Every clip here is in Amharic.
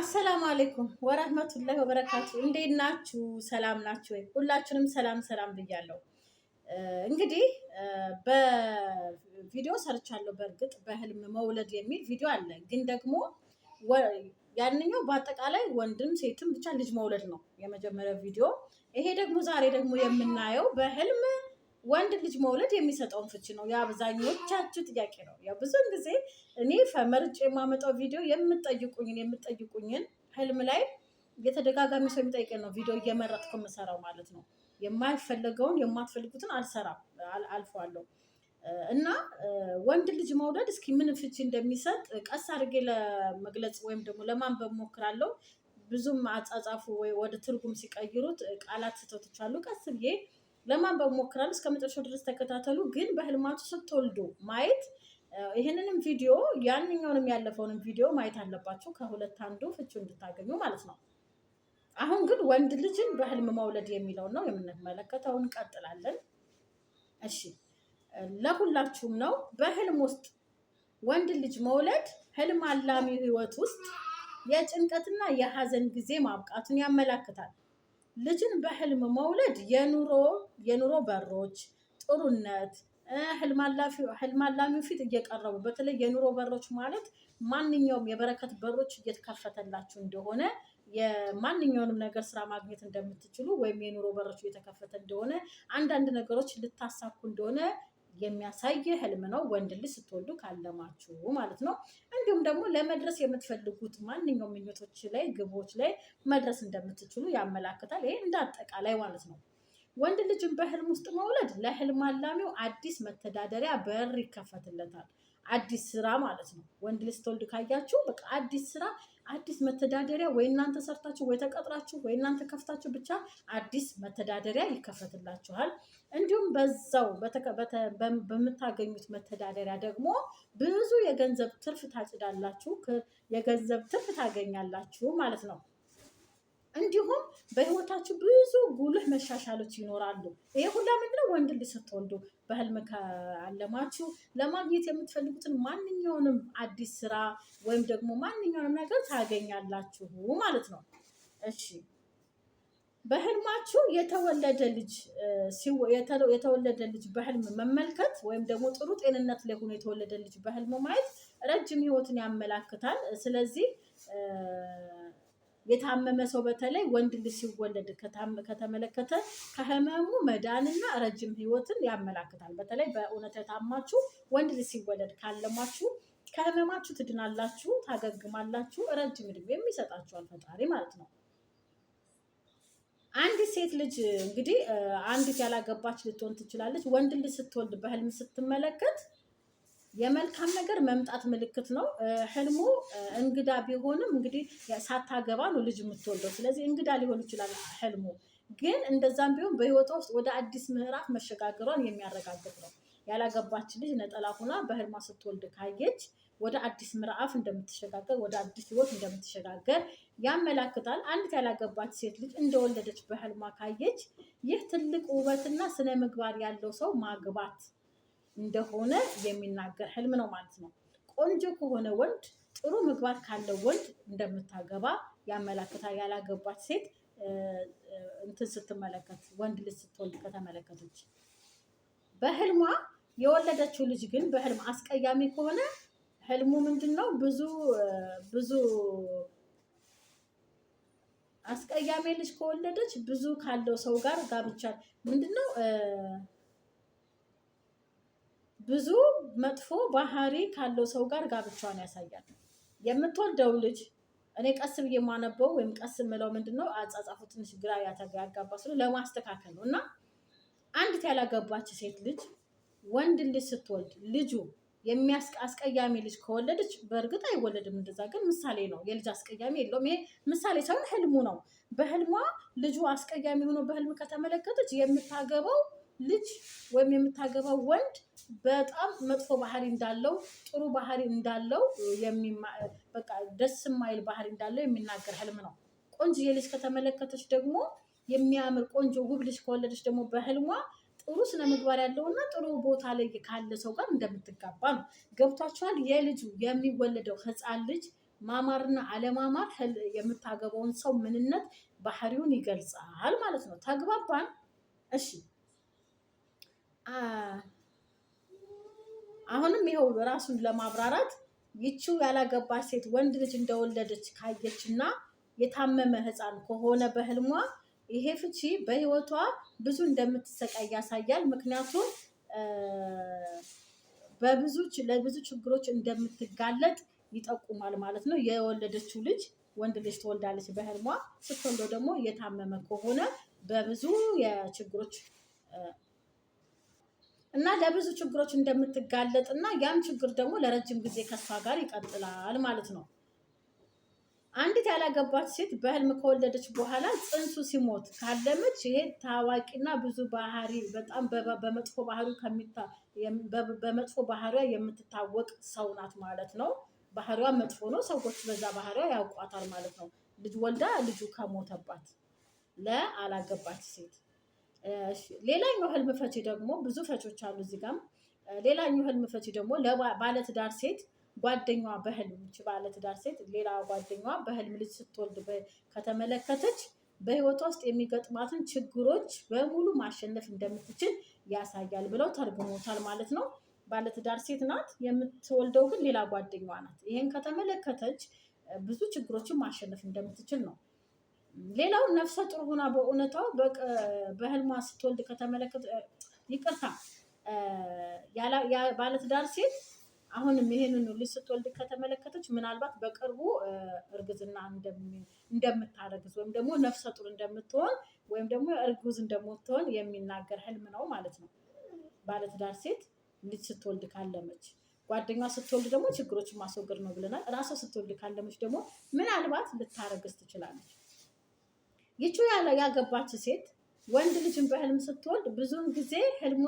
አሰላሙ አሌይኩም ወረህመቱላሂ ወበረካቱ። እንዴት ናችሁ? ሰላም ናችሁ ወይ? ሁላችንም ሰላም ሰላም ብያለሁ። እንግዲህ በቪዲዮ ሰርቻለሁ። በእርግጥ በህልም መውለድ የሚል ቪዲዮ አለ፣ ግን ደግሞ ያንኛው በአጠቃላይ ወንድም ሴትም ብቻ ልጅ መውለድ ነው የመጀመሪያው ቪዲዮ። ይሄ ደግሞ ዛሬ ደግሞ የምናየው በህልም ወንድ ልጅ መውለድ የሚሰጠውን ፍቺ ነው። የአብዛኞቻችሁ ጥያቄ ነው። ያው ብዙውን ጊዜ እኔ መርጬ የማመጣው ቪዲዮ የምጠይቁኝን የምጠይቁኝን ህልም ላይ የተደጋጋሚ ሰው የሚጠይቀን ነው ቪዲዮ እየመረጥኩ የምሰራው ማለት ነው። የማይፈለገውን የማትፈልጉትን አልሰራም አልፏለሁ። እና ወንድ ልጅ መውደድ እስኪ ምን ፍቺ እንደሚሰጥ ቀስ አድርጌ ለመግለጽ ወይም ደግሞ ለማንበብ ሞክራለሁ። ብዙም አጻጻፉ ወይ ወደ ትርጉም ሲቀይሩት ቃላት ስህተቶች አሉ። ቀስ ብዬ ለማንበብ ሞክራለሁ። እስከ መጨረሻው ድረስ ተከታተሉ። ግን በህልማቱ ስትወልዱ ማየት ይህንንም ቪዲዮ ያንኛውንም ያለፈውንም ቪዲዮ ማየት አለባችሁ፣ ከሁለት አንዱ ፍቹ እንድታገኙ ማለት ነው። አሁን ግን ወንድ ልጅን በህልም መውለድ የሚለውን ነው የምንመለከተው። እንቀጥላለን። እሺ፣ ለሁላችሁም ነው። በህልም ውስጥ ወንድ ልጅ መውለድ ህልም አላሚ ህይወት ውስጥ የጭንቀትና የሀዘን ጊዜ ማብቃቱን ያመላክታል። ልጅን በህልም መውለድ የኑሮ የኑሮ በሮች ጥሩነት ህልም አላሚው ፊት እየቀረቡ በተለይ የኑሮ በሮች ማለት ማንኛውም የበረከት በሮች እየተከፈተላችሁ እንደሆነ የማንኛውንም ነገር ስራ ማግኘት እንደምትችሉ ወይም የኑሮ በሮች እየተከፈተ እንደሆነ አንዳንድ ነገሮች ልታሳኩ እንደሆነ የሚያሳይ ህልም ነው። ወንድ ልጅ ስትወልዱ ካለማችሁ ማለት ነው። እንዲሁም ደግሞ ለመድረስ የምትፈልጉት ማንኛውም ምኞቶች ላይ ግቦች ላይ መድረስ እንደምትችሉ ያመላክታል። ይሄ እንደ አጠቃላይ ማለት ነው። ወንድ ልጅን በህልም ውስጥ መውለድ ለህልም አላሚው አዲስ መተዳደሪያ በር ይከፈትለታል። አዲስ ስራ ማለት ነው። ወንድ ልጅ ስትወልድ ካያችሁ በቃ አዲስ ስራ፣ አዲስ መተዳደሪያ ወይ እናንተ ሰርታችሁ ወይ ተቀጥራችሁ ወይ እናንተ ከፍታችሁ ብቻ አዲስ መተዳደሪያ ይከፈትላችኋል። እንዲሁም በዛው በምታገኙት መተዳደሪያ ደግሞ ብዙ የገንዘብ ትርፍ ታጭዳላችሁ፣ የገንዘብ ትርፍ ታገኛላችሁ ማለት ነው። እንዲሁም በህይወታችሁ ብዙ ጉልህ መሻሻሎች ይኖራሉ። ይሄ ሁላ ምንድነው? ወንድ ልጅ ስትወልዱ በህልም ካለማችሁ ለማግኘት የምትፈልጉትን ማንኛውንም አዲስ ስራ ወይም ደግሞ ማንኛውንም ነገር ታገኛላችሁ ማለት ነው። እሺ በህልማችሁ የተወለደ ልጅ የተወለደ ልጅ በህልም መመልከት ወይም ደግሞ ጥሩ ጤንነት ላይ ሆኖ የተወለደ ልጅ በህልም ማየት ረጅም ህይወትን ያመላክታል። ስለዚህ የታመመ ሰው በተለይ ወንድ ልጅ ሲወለድ ከተመለከተ ከህመሙ መዳንና ረጅም ህይወትን ያመላክታል። በተለይ በእውነት የታማችሁ ወንድ ልጅ ሲወለድ ካለማችሁ ከህመማችሁ ትድናላችሁ፣ ታገግማላችሁ፣ ረጅም እድሜም ይሰጣችኋል ፈጣሪ ማለት ነው። አንዲት ሴት ልጅ እንግዲህ አንዲት ያላገባች ልትሆን ትችላለች። ወንድ ልጅ ስትወልድ በህልም ስትመለከት የመልካም ነገር መምጣት ምልክት ነው። ህልሙ እንግዳ ቢሆንም እንግዲህ ሳታገባ ነው ልጅ የምትወልደው። ስለዚህ እንግዳ ሊሆን ይችላል ህልሙ ግን እንደዛም ቢሆን በህይወቷ ውስጥ ወደ አዲስ ምዕራፍ መሸጋገሯን የሚያረጋግጥ ነው። ያላገባች ልጅ ነጠላ ሁና በህልሟ ስትወልድ ካየች ወደ አዲስ ምዕራፍ እንደምትሸጋገር ወደ አዲስ ህይወት እንደምትሸጋገር ያመላክታል። አንዲት ያላገባች ሴት ልጅ እንደወለደች በህልሟ ካየች ይህ ትልቅ ውበትና ስነ ምግባር ያለው ሰው ማግባት እንደሆነ የሚናገር ህልም ነው ማለት ነው። ቆንጆ ከሆነ ወንድ ጥሩ ምግባር ካለው ወንድ እንደምታገባ ያመላክታል። ያላገባች ሴት እንትን ስትመለከት ወንድ ልጅ ስትወልድ ከተመለከተች በህልሟ የወለደችው ልጅ ግን በህልም አስቀያሚ ከሆነ ህልሙ ምንድን ነው? ብዙ ብዙ አስቀያሚ ልጅ ከወለደች ብዙ ካለው ሰው ጋር ጋብቻ ምንድን ነው ብዙ መጥፎ ባህሪ ካለው ሰው ጋር ጋብቻዋን ያሳያል። የምትወልደው ልጅ እኔ ቀስ ብዬ የማነበው ወይም ቀስ የምለው ምንድን ነው አጻጻፉ ትንሽ ግራ ያጋባ ስለ ለማስተካከል ነው። እና አንዲት ያላገባች ሴት ልጅ ወንድ ልጅ ስትወልድ ልጁ አስቀያሚ ልጅ ከወለደች፣ በእርግጥ አይወለድም እንደዛ፣ ግን ምሳሌ ነው። የልጅ አስቀያሚ የለውም። ይሄ ምሳሌ ሳይሆን ህልሙ ነው። በህልሟ ልጁ አስቀያሚ ሆኖ በህልም ከተመለከተች የምታገባው ልጅ ወይም የምታገባው ወንድ በጣም መጥፎ ባህሪ እንዳለው ጥሩ ባህሪ እንዳለው በቃ ደስ የማይል ባህሪ እንዳለው የሚናገር ህልም ነው። ቆንጆዬ ልጅ ከተመለከተች ደግሞ የሚያምር ቆንጆ ውብ ልጅ ከወለደች ደግሞ በህልሟ ጥሩ ስነ ምግባር ያለውና ጥሩ ቦታ ላይ ካለ ሰው ጋር እንደምትጋባ ነው። ገብቷችኋል? የልጁ የሚወለደው ህፃን ልጅ ማማርና አለማማር የምታገባውን ሰው ምንነት ባህሪውን ይገልጻል ማለት ነው። ተግባባን? እሺ አሁንም ይኸው ራሱን ለማብራራት ይቺው ያላገባች ሴት ወንድ ልጅ እንደወለደች ካየች ካየችና የታመመ ህፃን ከሆነ በህልሟ ይሄ ፍቺ በህይወቷ ብዙ እንደምትሰቃይ ያሳያል። ምክንያቱም በብዙ ለብዙ ችግሮች እንደምትጋለጥ ይጠቁማል ማለት ነው። የወለደችው ልጅ ወንድ ልጅ ትወልዳለች በህልሟ። ስትወልደው ደግሞ እየታመመ ከሆነ በብዙ የችግሮች እና ለብዙ ችግሮች እንደምትጋለጥ እና ያም ችግር ደግሞ ለረጅም ጊዜ ከሷ ጋር ይቀጥላል ማለት ነው። አንዲት ያላገባች ሴት በህልም ከወለደች በኋላ ጽንሱ ሲሞት ካለመች ይሄ ታዋቂና ብዙ ባህሪ በጣም በመጥፎ ባህሪ በመጥፎ ባህሪዋ የምትታወቅ ሰው ናት ማለት ነው። ባህሪዋ መጥፎ ነው። ሰዎች በዛ ባህሪዋ ያውቋታል ማለት ነው። ልጅ ወልዳ ልጁ ከሞተባት ለአላገባች ሴት ሌላኛው ህልም ፈቺ ደግሞ ብዙ ፈቾች አሉ እዚህ ጋም። ሌላኛው ህልም ፈቺ ደግሞ ባለትዳር ሴት ጓደኛዋ በህልም ይቺ ባለትዳር ሴት ሌላ ጓደኛዋ በህልም ልጅ ስትወልድ ከተመለከተች በህይወቷ ውስጥ የሚገጥማትን ችግሮች በሙሉ ማሸነፍ እንደምትችል ያሳያል ብለው ተርጉሞታል ማለት ነው። ባለትዳር ሴት ናት፣ የምትወልደው ግን ሌላ ጓደኛዋ ናት። ይህን ከተመለከተች ብዙ ችግሮችን ማሸነፍ እንደምትችል ነው ሌላው ነፍሰ ጡር ሆና በእውነታው በህልሟ ስትወልድ ከተመለከተ ይቅርታ፣ ባለትዳር ሴት አሁንም ይህንን ልጅ ስትወልድ ከተመለከተች ምናልባት በቅርቡ እርግዝና እንደምታረግዝ ወይም ደግሞ ነፍሰ ጡር እንደምትሆን ወይም ደግሞ እርጉዝ እንደምትሆን የሚናገር ህልም ነው ማለት ነው። ባለትዳር ሴት ልጅ ስትወልድ ካለመች ጓደኛ ስትወልድ ደግሞ ችግሮችን ማስወገድ ነው ብለናል። እራሷ ስትወልድ ካለመች ደግሞ ምናልባት ልታረግዝ ትችላለች። ይቹ ያለ ያገባች ሴት ወንድ ልጅን በህልም ስትወልድ ብዙውን ጊዜ ህልሟ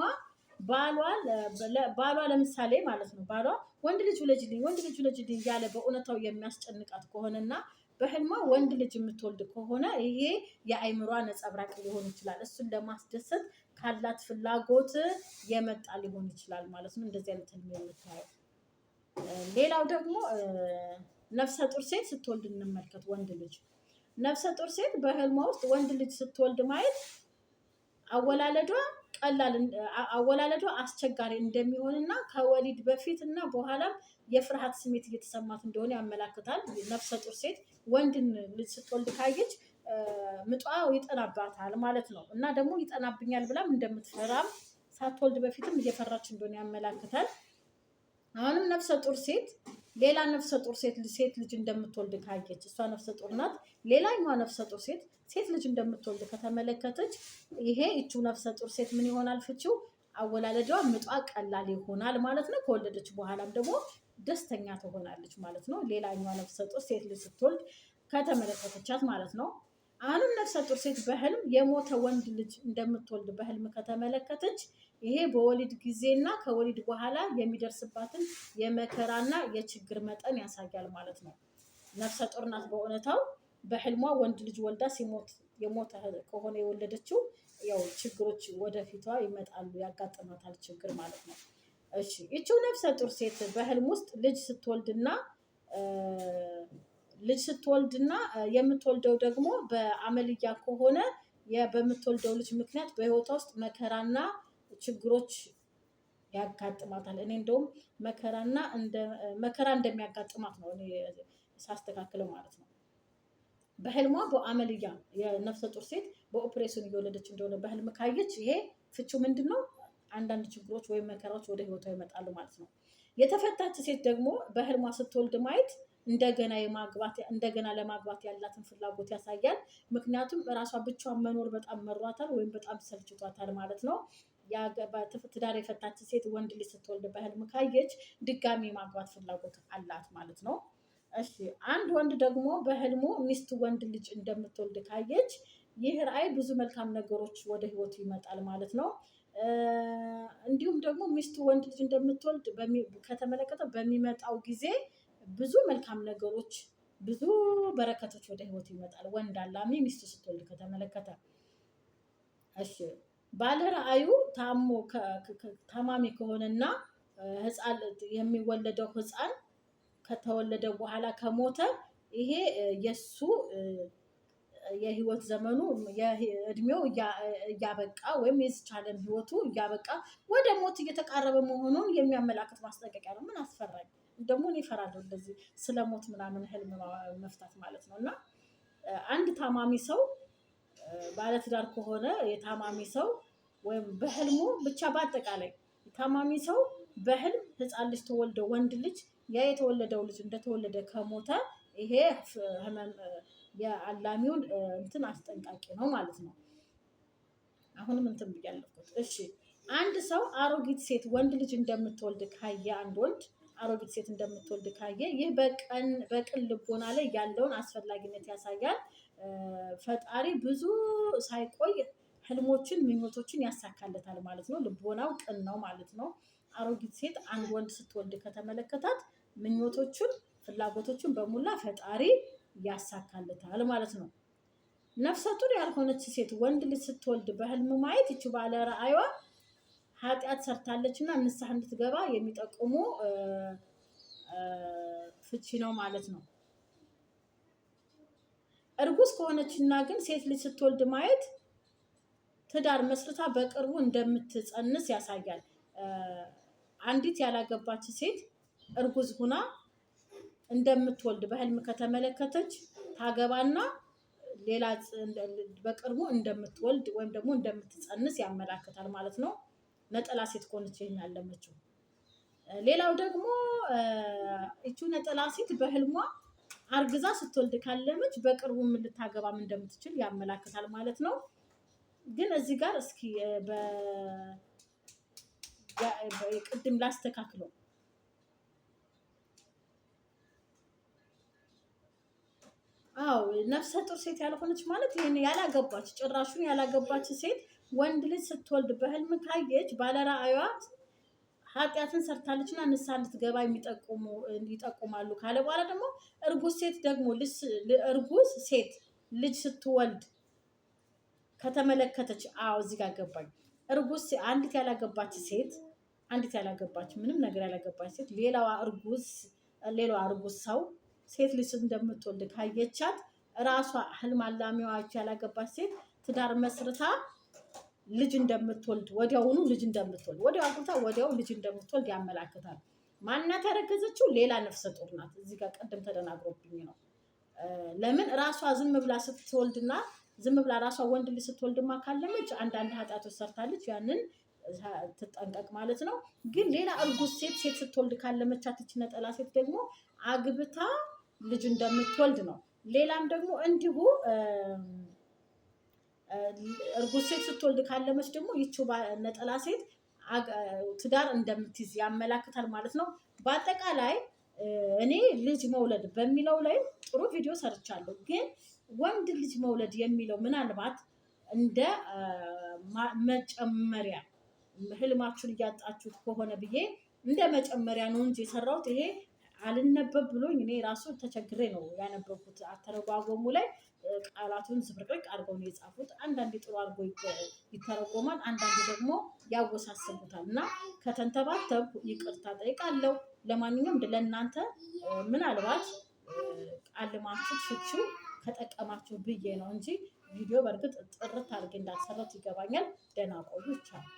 ባሏ ለምሳሌ ማለት ነው ባሏ ወንድ ልጅ ውለጅልኝ ወንድ ልጅ ውለጅልኝ እያለ በእውነታው የሚያስጨንቃት ከሆነና በህልሟ ወንድ ልጅ የምትወልድ ከሆነ ይሄ የአይምሯ ነጸብራቅ ሊሆን ይችላል። እሱን ለማስደሰት ካላት ፍላጎት የመጣ ሊሆን ይችላል ማለት ነው። እንደዚህ አይነት ህልም የምታየው። ሌላው ደግሞ ነፍሰ ጡር ሴት ስትወልድ እንመልከት ወንድ ልጅ ነፍሰ ጡር ሴት በህልሟ ውስጥ ወንድ ልጅ ስትወልድ ማየት አወላለዷ ቀላል አወላለዷ አስቸጋሪ እንደሚሆንና ከወሊድ በፊት እና በኋላም የፍርሃት ስሜት እየተሰማት እንደሆነ ያመላክታል። ነፍሰ ጡር ሴት ወንድን ልጅ ስትወልድ ካየች ምጧ ይጠናባታል ማለት ነው እና ደግሞ ይጠናብኛል ብላም እንደምትፈራም ሳትወልድ በፊትም እየፈራች እንደሆነ ያመላክታል። አሁንም ነፍሰ ጡር ሴት ሌላ ነፍሰ ጡር ሴት ሴት ልጅ እንደምትወልድ ካየች እሷ ነፍሰ ጡር ናት። ሌላኛዋ ነፍሰ ጡር ሴት ሴት ልጅ እንደምትወልድ ከተመለከተች ይሄ እቹ ነፍሰ ጡር ሴት ምን ይሆናል ፍቺው? አወላለዷ ምጧ ቀላል ይሆናል ማለት ነው። ከወለደች በኋላም ደግሞ ደስተኛ ትሆናለች ማለት ነው። ሌላኛዋ ነፍሰ ጡር ሴት ልጅ ስትወልድ ከተመለከተቻት ማለት ነው። አሁንም ነፍሰ ጡር ሴት በህልም የሞተ ወንድ ልጅ እንደምትወልድ በህልም ከተመለከተች ይሄ በወሊድ ጊዜና ከወሊድ በኋላ የሚደርስባትን የመከራና የችግር መጠን ያሳያል ማለት ነው። ነፍሰ ጡር ናት። በእውነታው በህልሟ ወንድ ልጅ ወልዳ ሲሞት የሞተ ከሆነ የወለደችው ያው ችግሮች ወደፊቷ ይመጣሉ፣ ያጋጥማታል ችግር ማለት ነው። እሺ ይቺው ነፍሰ ጡር ሴት በህልም ውስጥ ልጅ ስትወልድና ልጅ ስትወልድና የምትወልደው ደግሞ በአመልያ ከሆነ በምትወልደው ልጅ ምክንያት በህይወቷ ውስጥ መከራና ችግሮች ያጋጥማታል። እኔ እንደውም መከራና መከራ እንደሚያጋጥማት ነው እኔ ሳስተካክለው ማለት ነው። በህልሟ በአመልያ የነፍሰ ጡር ሴት በኦፕሬሽን እየወለደች እንደሆነ በህልም ካየች ይሄ ፍቺው ምንድን ነው? አንዳንድ ችግሮች ወይም መከራዎች ወደ ህይወቷ ይመጣሉ ማለት ነው። የተፈታች ሴት ደግሞ በህልሟ ስትወልድ ማየት እንደገና የማግባት እንደገና ለማግባት ያላትን ፍላጎት ያሳያል። ምክንያቱም እራሷ ብቻዋን መኖር በጣም መሯታል ወይም በጣም ሰልችቷታል ማለት ነው። ትዳር የፈታች ሴት ወንድ ልጅ ስትወልድ በህልም ካየች ድጋሚ ማግባት ፍላጎት አላት ማለት ነው። እሺ አንድ ወንድ ደግሞ በህልሙ ሚስት ወንድ ልጅ እንደምትወልድ ካየች ይህ ራዕይ ብዙ መልካም ነገሮች ወደ ህይወቱ ይመጣል ማለት ነው። እንዲሁም ደግሞ ሚስቱ ወንድ ልጅ እንደምትወልድ ከተመለከተ በሚመጣው ጊዜ ብዙ መልካም ነገሮች፣ ብዙ በረከቶች ወደ ህይወቱ ይመጣል። ወንድ አላሚ ሚስቱ ስትወልድ ከተመለከተ እሺ ባለ ራዕዩ ታሞ ታማሚ ከሆነና ህፃን የሚወለደው ህፃን ከተወለደ በኋላ ከሞተ ይሄ የእሱ የህይወት ዘመኑ እድሜው እያበቃ ወይም የዝቻለን ህይወቱ እያበቃ ወደ ሞት እየተቃረበ መሆኑን የሚያመላክት ማስጠንቀቂያ ነው። ምን አስፈራኝ ደግሞ እኔ እፈራለሁ እንደዚህ ስለ ሞት ምናምን ህልም መፍታት ማለት ነው። እና አንድ ታማሚ ሰው ባለትዳር ከሆነ የታማሚ ሰው ወይም በህልሙ ብቻ በአጠቃላይ ታማሚ ሰው በህልም ህፃን ልጅ ተወልደ ወንድ ልጅ ያ የተወለደው ልጅ እንደተወለደ ከሞተ ይሄ ህመም የአላሚውን እንትን አስጠንቃቂ ነው ማለት ነው። አሁንም እንትን ብያለኩት። እሺ አንድ ሰው አሮጊት ሴት ወንድ ልጅ እንደምትወልድ ካየ አንድ ወንድ አሮጊት ሴት እንደምትወልድ ካየ ይህ በቅን ልቦና ላይ ያለውን አስፈላጊነት ያሳያል። ፈጣሪ ብዙ ሳይቆይ ህልሞችን፣ ምኞቶችን ያሳካለታል ማለት ነው። ልቦናው ቅን ነው ማለት ነው። አሮጊት ሴት አንድ ወንድ ስትወልድ ከተመለከታት ምኞቶችን፣ ፍላጎቶችን በሙላ ፈጣሪ ያሳካለታል ማለት ነው። ነፍሰቱን ያልሆነች ሴት ወንድ ልጅ ስትወልድ በህልም ማየት ይቺ ባለ ረአይዋ ኃጢአት ሰርታለች እና ንስሐ እንድትገባ የሚጠቁሙ ፍቺ ነው ማለት ነው። እርጉዝ ከሆነችና ግን ሴት ልጅ ስትወልድ ማየት ትዳር መስርታ በቅርቡ እንደምትጸንስ ያሳያል። አንዲት ያላገባች ሴት እርጉዝ ሁና እንደምትወልድ በህልም ከተመለከተች ታገባና ሌላ በቅርቡ እንደምትወልድ ወይም ደግሞ እንደምትጸንስ ያመላክታል ማለት ነው። ነጠላ ሴት ከሆነች ይህን ያለመችው። ሌላው ደግሞ እቹ ነጠላ ሴት በህልሟ አርግዛ ስትወልድ ካለመች በቅርቡ ልታገባም እንደምትችል ያመላክታል ማለት ነው። ግን እዚህ ጋር እስኪ ቅድም ላስተካክለው። አዎ ነፍሰ ጡር ሴት ያልሆነች ማለት ይሄን ያላገባች ጭራሹን ያላገባች ሴት ወንድ ልጅ ስትወልድ በህልም ካየች ባለራእዩዋ ኃጢአትን ሰርታለችና ንስሐ እንድትገባ የሚጠቁሙ ይጠቁማሉ ካለ በኋላ ደግሞ እርጉዝ ሴት ደግሞ እርጉዝ ሴት ልጅ ስትወልድ ከተመለከተች አዎ እዚህ ጋር ገባኝ። እርጉዝ አንዲት ያላገባች ሴት አንዲት ያላገባች ምንም ነገር ያላገባች ሴት ሌላዋ እርጉዝ ሌላዋ እርጉዝ ሰው ሴት ልጅ እንደምትወልድ ካየቻት ራሷ ህልም አላሚዋች ያላገባች ሴት ትዳር መስርታ ልጅ እንደምትወልድ ወዲያውኑ ልጅ እንደምትወልድ ወዲያው አግብታ ወዲያው ልጅ እንደምትወልድ ያመላክታል። ማናት ያረገዘችው? ሌላ ነፍሰ ጡር ናት። እዚህ ጋር ቀደም ተደናግሮብኝ ነው። ለምን ራሷ ዝም ብላ ስትወልድና ዝም ብላ ራሷ ወንድ ልጅ ስትወልድማ ካለመች አንዳንድ ኃጢአቶች ሰርታለች፣ ያንን ትጠንቀቅ ማለት ነው። ግን ሌላ እርጉዝ ሴት ሴት ስትወልድ ካለመቻት ይች ነጠላ ሴት ደግሞ አግብታ ልጅ እንደምትወልድ ነው። ሌላም ደግሞ እንዲሁ እርጉዝ ሴት ስትወልድ ካለመች ደግሞ ይች ነጠላ ሴት ትዳር እንደምትይዝ ያመላክታል ማለት ነው። በአጠቃላይ እኔ ልጅ መውለድ በሚለው ላይ ጥሩ ቪዲዮ ሰርቻለሁ ግን ወንድ ልጅ መውለድ የሚለው ምናልባት እንደ መጨመሪያ ህልማችሁን እያጣችሁት ከሆነ ብዬ እንደ መጨመሪያ ነው እንጂ የሰራሁት ይሄ አልነበብ ብሎኝ እኔ ራሱ ተቸግሬ ነው ያነበብኩት። አተረጓጎሙ ላይ ቃላቱን ዝብርቅርቅ አድርገው ነው የጻፉት። አንዳንዴ ጥሩ አድርጎ ይተረጎማል፣ አንዳንዴ ደግሞ ያወሳስቡታል እና ከተንተባተብ ይቅርታ ጠይቃለሁ። ለማንኛውም ለእናንተ ምናልባት ቃልማችሁ ፍቺው ከጠቀማችሁ ብዬ ነው እንጂ ቪዲዮ በእርግጥ ጥርት አድርጌ እንዳልሰራሁት ይገባኛል። ደህና ቆዩ። ይቻላል።